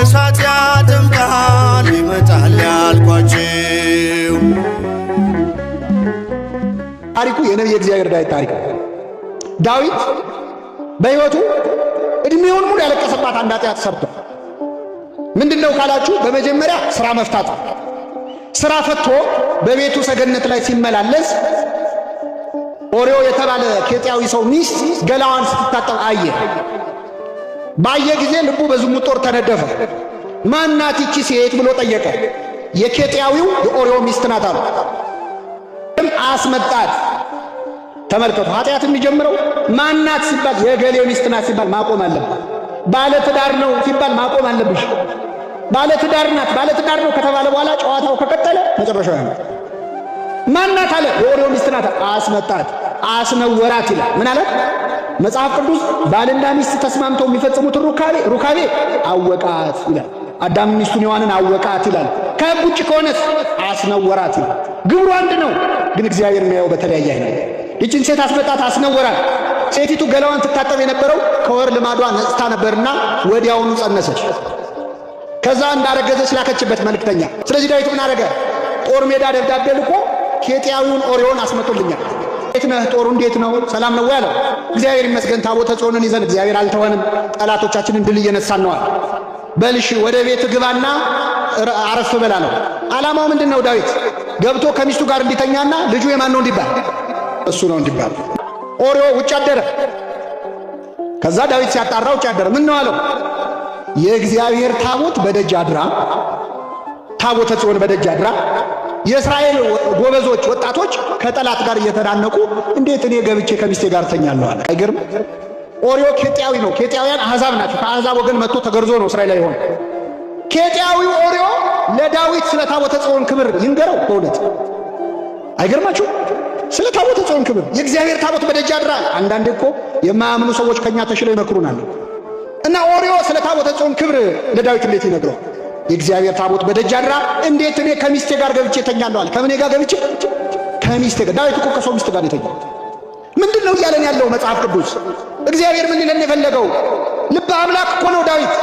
እሳት ያጥምቃል ይመጣል ያልኳችሁ ታሪኩ የነቢየ እግዚአብሔር ዳዊት ታሪክ ዳዊት በሕይወቱ እድሜውን ሙሉ ያለቀሰባት አንድ ኃጢአት ሰርቷል። ምንድን ነው ካላችሁ፣ በመጀመሪያ ስራ መፍታት ስራ ፈቶ በቤቱ ሰገነት ላይ ሲመላለስ ኦሪዮ የተባለ ኬጢያዊ ሰው ሚስት ገላዋን ስትታጠብ አየ። ባየ ጊዜ ልቡ በዝሙት ጦር ተነደፈ። ማናት ይቺ ሴት ብሎ ጠየቀ። የኬጥያዊው የኦሪዮ ሚስት ናት አሉ። አስመጣት። ተመልከቱ፣ ኃጢአት የሚጀምረው ማናት ሲባል የገሌው ሚስት ናት ሲባል ማቆም አለብህ። ባለትዳር ነው ሲባል ማቆም አለብሽ። ባለትዳር ናት፣ ባለትዳር ነው ከተባለ በኋላ ጨዋታው ከቀጠለ መጨረሻው ያመጣ። ማናት አለ፣ የኦሪዮ ሚስት ናት። አስመጣት አስነወራት ይላል። ምን አለ መጽሐፍ ቅዱስ? ባልና ሚስት ተስማምተው የሚፈጽሙት ሩካቤ ሩካቤ አወቃት ይላል። አዳም ሚስቱን ሔዋንን አወቃት ይላል። ከህግ ውጭ ከሆነስ አስነወራት ይላል። ግብሩ አንድ ነው፣ ግን እግዚአብሔር የሚያየው በተለያየ አይነት። ይችን ሴት አስመጣት፣ አስነወራት። ሴቲቱ ገላዋን ትታጠብ የነበረው ከወር ልማዷ ነጽታ ነበርና ወዲያውኑ ጸነሰች። ከዛ እንዳረገዘች ላከችበት መልእክተኛ። ስለዚህ ዳዊት ምን አደረገ? ጦር ሜዳ ደብዳቤ ልኮ ኬጥያዊውን ኦሪዮን አስመቶልኛል። እንዴት ነህ? ጦሩ እንዴት ነው? ሰላም ነው ያለው። እግዚአብሔር ይመስገን ታቦተ ጽዮንን ይዘን እግዚአብሔር አልተወንም፣ ጠላቶቻችንን ድል እየነሳን ነዋል። በልሽ ወደ ቤት ግባና አረፍ በላ ነው ዓላማው። ምንድን ነው? ዳዊት ገብቶ ከሚስቱ ጋር እንዲተኛና ልጁ የማን ነው እንዲባል እሱ ነው እንዲባል። ኦሪዮ ውጭ አደረ። ከዛ ዳዊት ሲያጣራ ውጭ አደረ። ምን ነው አለው የእግዚአብሔር ታቦት በደጅ አድራ፣ ታቦተ ጽዮን በደጅ አድራ የእስራኤል ጎበዞች ወጣቶች ከጠላት ጋር እየተናነቁ እንዴት እኔ ገብቼ ከሚስቴ ጋር ተኛለሁ አለ። አይገርም? ኦሪዮ ኬጥያዊ ነው። ኬጥያውያን አሕዛብ ናቸው። ከአሕዛብ ወገን መጥቶ ተገርዞ ነው እስራኤል ላይ ሆነ። ኬጥያዊው ኦሪዮ ለዳዊት ስለ ታቦተ ጽዮን ክብር ይንገረው። በእውነት አይገርማችሁ? ስለ ታቦተ ጽዮን ክብር የእግዚአብሔር ታቦት በደጅ አድራል አንዳንዴ እኮ የማያምኑ ሰዎች ከእኛ ተሽለው ይመክሩናል። እና ኦሪዮ ስለ ታቦተ ጽዮን ክብር ለዳዊት እንዴት ይነግረው? የእግዚአብሔር ታቦት በደጅ አድራ፣ እንዴት እኔ ከሚስቴ ጋር ገብቼ ተኛለሁ አለ። ከምን ጋር ገብቼ? ከሚስቴ ጋር። ዳዊት እኮ ከሰው ሚስት ጋር የተኛ ምንድን ነው እያለን ያለው መጽሐፍ ቅዱስ? እግዚአብሔር ምን ሊለን የፈለገው? ልበ አምላክ እኮ ነው ዳዊት።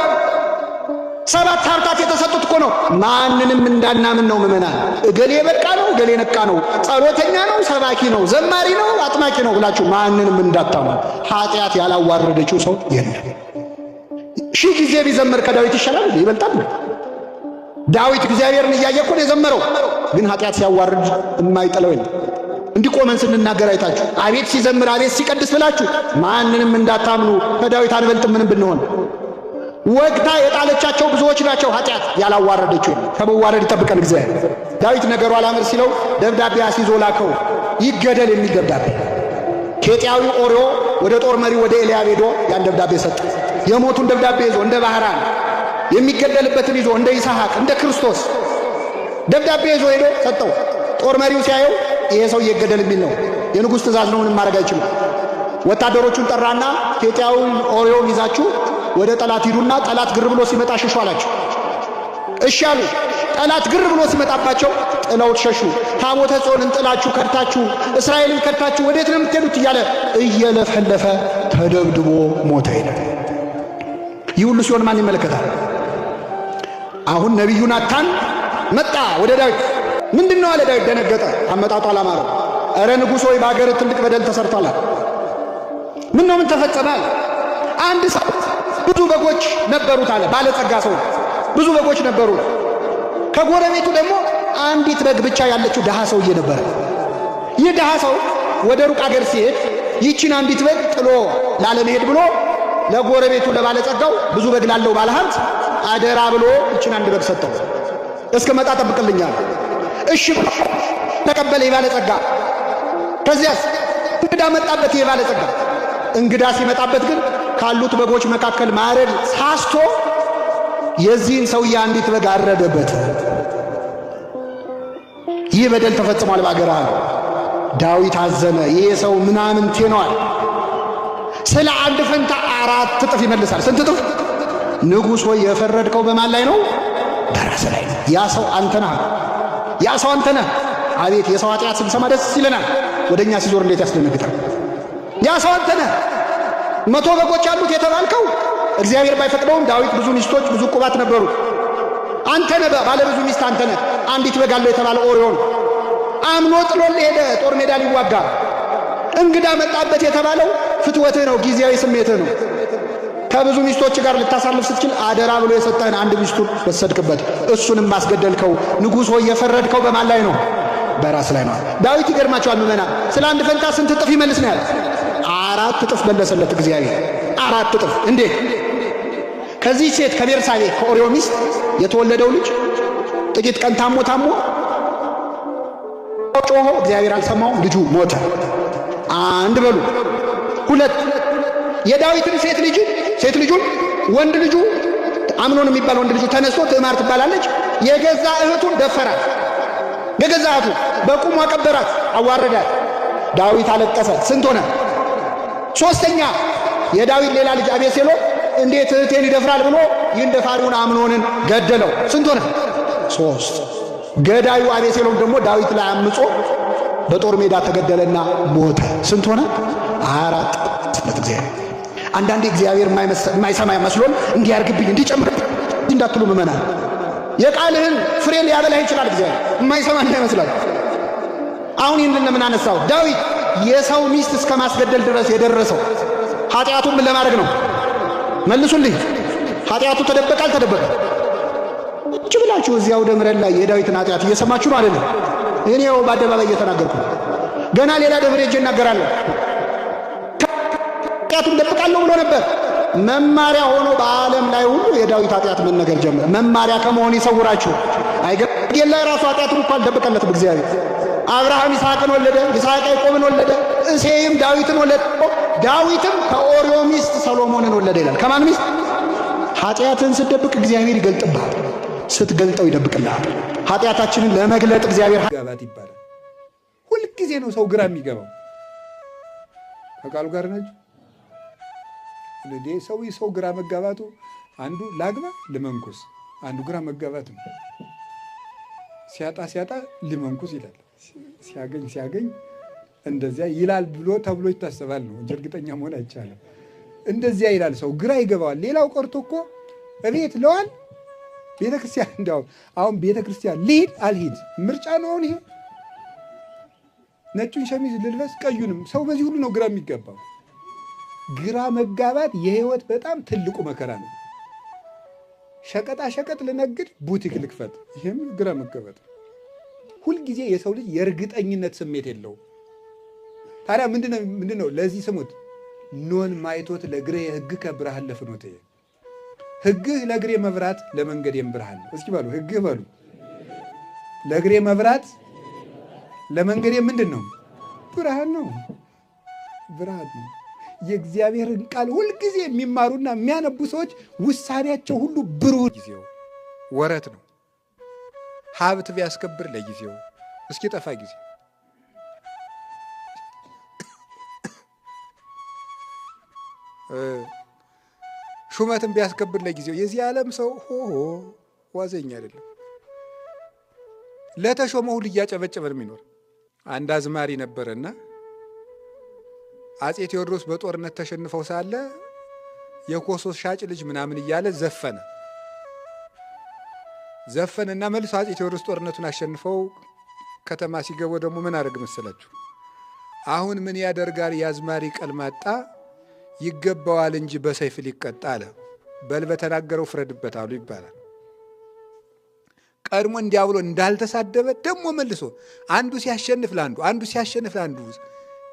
ሰባት ሀብታት የተሰጡት እኮ ነው። ማንንም እንዳናምን ነው ምእመናን። እገሌ በቃ ነው፣ እገሌ ነቃ ነው፣ ጸሎተኛ ነው፣ ሰባኪ ነው፣ ዘማሪ ነው፣ አጥማቂ ነው ብላችሁ ማንንም እንዳታሙ። ኃጢአት ያላዋረደችው ሰው የለም። ሺህ ጊዜ ቢዘምር ከዳዊት ይሻላል፣ ይበልጣል። ዳዊት እግዚአብሔርን እያየ እኮ ነው የዘመረው። ግን ኃጢአት ሲያዋርድ የማይጥለው የለም። እንዲህ ቆመን ስንናገር አይታችሁ አቤት ሲዘምር አቤት ሲቀድስ ብላችሁ ማንንም እንዳታምኑ ከዳዊት አንበልጥ ምንም ብንሆን። ወግታ የጣለቻቸው ብዙዎች ናቸው። ኃጢአት ያላዋረደችው ከመዋረድ ይጠብቀን እግዚአብሔር። ዳዊት ነገሩ አላምር ሲለው ደብዳቤ አስይዞ ላከው ይገደል የሚል ደብዳቤ። ኬጢያዊ ኦርዮ ወደ ጦር መሪ ወደ ኤልያብ ሄዶ ያን ደብዳቤ ሰጠ። የሞቱን ደብዳቤ ይዞ እንደ ባህራን የሚገደልበትን ይዞ እንደ ይስሐቅ እንደ ክርስቶስ ደብዳቤ ይዞ ሄዶ ሰጠው። ጦር መሪው ሲያየው ይሄ ሰው እየገደል የሚል ነው፣ የንጉሥ ትእዛዝ ነው፣ ምንም ማድረግ አይችሉም። ወታደሮቹን ጠራና ኬጢያውን ኦሪዮን ይዛችሁ ወደ ጠላት ሂዱና ጠላት ግር ብሎ ሲመጣ ሸሹ አላቸው። እሺ አሉ። ጠላት ግር ብሎ ሲመጣባቸው ጥለውት ሸሹ። ታቦተ ጽዮንን ጥላችሁ ከድታችሁ፣ እስራኤልን ከድታችሁ ወዴት ነው የምትሄዱት? እያለ እየለፈለፈ ተደብድቦ ሞተ ይህ ሁሉ ሲሆን ማን ይመለከታል? አሁን ነቢዩ ናታን መጣ ወደ ዳዊት። ምንድን ነው አለ ዳዊት። ደነገጠ። አመጣጡ አላማረ። እረ ንጉሥ ሆይ በአገር ትልቅ በደል ተሰርቷል። ምን ነው ምን ተፈጸመ? አንድ ሰው ብዙ በጎች ነበሩት አለ። ባለጸጋ ሰው ብዙ በጎች ነበሩ። ከጎረቤቱ ደግሞ አንዲት በግ ብቻ ያለችው ድሃ ሰውዬ ነበረ። ይህ ድሃ ሰው ወደ ሩቅ አገር ሲሄድ ይቺን አንዲት በግ ጥሎ ላለመሄድ ብሎ ለጎረቤቱ ለባለጸጋው ብዙ በግ ላለው ባለሀብት አደራ ብሎ እችን አንድ በግ ሰጠው። መጣ ጠብቅልኛል። እሺ ተቀበለ የባለጸጋ። ከዚያስ እንግዳ መጣበት የባለጸጋ። እንግዳ ሲመጣበት ግን ካሉት በጎች መካከል ማረድ ሳስቶ የዚህን ሰውዬ አንዲት በግ አረደበት። ይህ በደል ተፈጽሟል በአገራ ዳዊት አዘነ። ይሄ ሰው ምናምን ነዋል። ስለ አንድ ፈንታ አራት እጥፍ ይመልሳል። ስንት እጥፍ? ንጉሥ ሆይ የፈረድከው በማን ላይ ነው? በራስ ላይ ነው። ያ ሰው ነህ። ያ ሰው ነህ። አቤት የሰው ኃጢአት ስንሰማ ደስ ይለናል። ወደ እኛ ሲዞር እንዴት ያስደነግጣል። ያ ሰው ነህ። መቶ በጎች አሉት የተባልከው እግዚአብሔር ባይፈቅደውም ዳዊት ብዙ ሚስቶች፣ ብዙ ቁባት ነበሩት። ነህ ባለ ብዙ ሚስት ነህ። አንዲት በግ አለው የተባለ ኦሪዮን አምኖ ጥሎል ሄደ ጦር ሜዳ ሊዋጋ እንግዳ መጣበት የተባለው ፍትወትህ ነው፣ ጊዜያዊ ስሜትህ ነው። ከብዙ ሚስቶች ጋር ልታሳልፍ ስትችል አደራ ብሎ የሰጠህን አንድ ሚስቱን ወሰድክበት፣ እሱንም ማስገደልከው። ንጉሥ ሆይ የፈረድከው በማን ላይ ነው? በራስ ላይ ነው። ዳዊት ይገርማቸዋል ምመና ስለ አንድ ፈንታ ስንት እጥፍ ይመልስ ነው ያለ። አራት እጥፍ መለሰለት እግዚአብሔር፣ አራት እጥፍ። እንዴት? ከዚህ ሴት ከቤርሳቤ ከኦሪዮ ሚስት የተወለደው ልጅ ጥቂት ቀን ታሞ ታሞ ጮሆ እግዚአብሔር አልሰማውም፣ ልጁ ሞተ። አንድ በሉ ሁለት የዳዊትን ሴት ልጅ ሴት ልጁ ወንድ ልጁ አምኖን የሚባል ወንድ ልጁ ተነስቶ ትዕማር ትባላለች፣ የገዛ እህቱን ደፈራት። የገዛ እህቱ በቁሙ አቀበራት፣ አዋረዳት። ዳዊት አለቀሰ። ስንት ሆነ? ሶስተኛ የዳዊት ሌላ ልጅ አቤሴሎም እንዴት እህቴን ይደፍራል ብሎ ይህን ደፋሪውን አምኖንን ገደለው። ስንት ሆነ? ሶስት ገዳዩ አቤሴሎም ደግሞ ዳዊት ላይ አምጾ በጦር ሜዳ ተገደለና ሞተ። ስንት ሆነ? አራት ስለት እግዚአብሔር አንዳንዴ እግዚአብሔር የማይሰማ መስሎን እንዲያርግብኝ እንዲጨምርብኝ እንዳትሉ ምመናል። የቃልህን ፍሬ ሊያበላህ ይችላል። እግዚአብሔር የማይሰማ እንዳይመስላል። አሁን ይህን እንደምናነሳው ዳዊት የሰው ሚስት እስከ ማስገደል ድረስ የደረሰው ኃጢአቱን ምን ለማድረግ ነው? መልሱልኝ። ኃጢአቱ ተደበቀ አልተደበቀ? እጅ ብላችሁ እዚያ አውደ ላይ የዳዊትን ኃጢአት እየሰማችሁ ነው አይደለም? እኔ ያው በአደባባይ እየተናገርኩ ገና ሌላ ደብሬ እጅ እናገራለሁ። ኃጢአቱን ደብቃለሁ ብሎ ነበር። መማሪያ ሆኖ በዓለም ላይ ሁሉ የዳዊት ኃጢአት መነገር ጀመረ። መማሪያ ከመሆን ይሰውራችሁ። አይገባም ላይ ራሱ ኃጢአቱን እኮ አልደበቀለትም እግዚአብሔር። አብርሃም ይስሐቅን ወለደ፣ ይስሐቅ ያዕቆብን ወለደ፣ እሴይም ዳዊትን ወለደ። ዳዊትም ከኦርዮ ሚስት ሰሎሞንን ወለደ ይላል። ከማን ሚስት? ኃጢአትን ስትደብቅ እግዚአብሔር ይገልጥብሃል፣ ስትገልጠው ይደብቅልሃል። ኃጢአታችንን ለመግለጥ እግዚአብሔር ገባት ይባላል። ሁልጊዜ ነው ሰው ግራ የሚገባው ከቃሉ ጋር ነች። ሰው ሰው ግራ መጋባቱ አንዱ ላግባ ልመንኩስ አንዱ ግራ መጋባት ነው። ሲያጣ ሲያጣ ልመንኩስ ይላል፣ ሲያገኝ ሲያገኝ እንደዚያ ይላል ብሎ ተብሎ ይታሰባል ነው እንጂ እርግጠኛ መሆን አይቻልም። እንደዚያ ይላል ሰው ግራ ይገባዋል። ሌላው ቀርቶ እኮ እቤት ለዋል ቤተክርስቲያን እንዲያው አሁን ቤተክርስቲያን ልሂድ አልሂድ ምርጫ ነው ይሄ። ነጩን ሸሚዝ ልልበስ ቀዩንም ሰው በዚህ ሁሉ ነው ግራ የሚገባው። ግራ መጋባት የህይወት በጣም ትልቁ መከራ ነው። ሸቀጣ ሸቀጥ ልነግድ፣ ቡቲክ ልክፈት፣ ይህም ግራ መጋባት። ሁልጊዜ የሰው ልጅ የእርግጠኝነት ስሜት የለውም። ታዲያ ምንድን ነው? ለዚህ ስሙት፣ ኖን ማይቶት ለግሬ ህግከ ብርሃን ለፍኖት ህግህ ለግሬ መብራት ለመንገዴም ብርሃን። እስኪ በሉ ህግህ በሉ ለእግሬ መብራት ለመንገዴ ምንድን ነው? ብርሃን ነው፣ ብርሃን ነው። የእግዚአብሔርን ቃል ሁልጊዜ የሚማሩና የሚያነቡ ሰዎች ውሳኔያቸው ሁሉ ብሩህ። ጊዜው ወረት ነው። ሀብት ቢያስከብር ለጊዜው እስኪጠፋ ጊዜ ሹመትን ቢያስከብር ለጊዜው። የዚህ ዓለም ሰው ሆሆ ዋዘኝ አይደለም። ለተሾመ ሁሉ እያጨበጨበ የሚኖር አንድ አዝማሪ ነበረና አጼ ቴዎድሮስ በጦርነት ተሸንፈው ሳለ የኮሶስ ሻጭ ልጅ ምናምን እያለ ዘፈነ ዘፈን እና መልሶ አጼ ቴዎድሮስ ጦርነቱን አሸንፈው ከተማ ሲገቡ ደግሞ ምን አደረግ መሰላችሁ? አሁን ምን ያደርጋል የአዝማሪ ቀልማጣ ይገባዋል እንጂ በሰይፍ ሊቀጣ አለ። በል በተናገረው ፍረድበት አሉ ይባላል። ቀድሞ እንዲያ ብሎ እንዳልተሳደበ ደግሞ መልሶ አንዱ ሲያሸንፍ ለአንዱ አንዱ ሲያሸንፍ ለአንዱ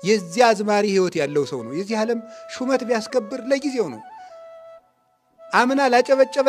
የዚያ አዝማሪ ህይወት ያለው ሰው ነው። የዚህ ዓለም ሹመት ቢያስከብር ለጊዜው ነው። አምና ላጨበጨበ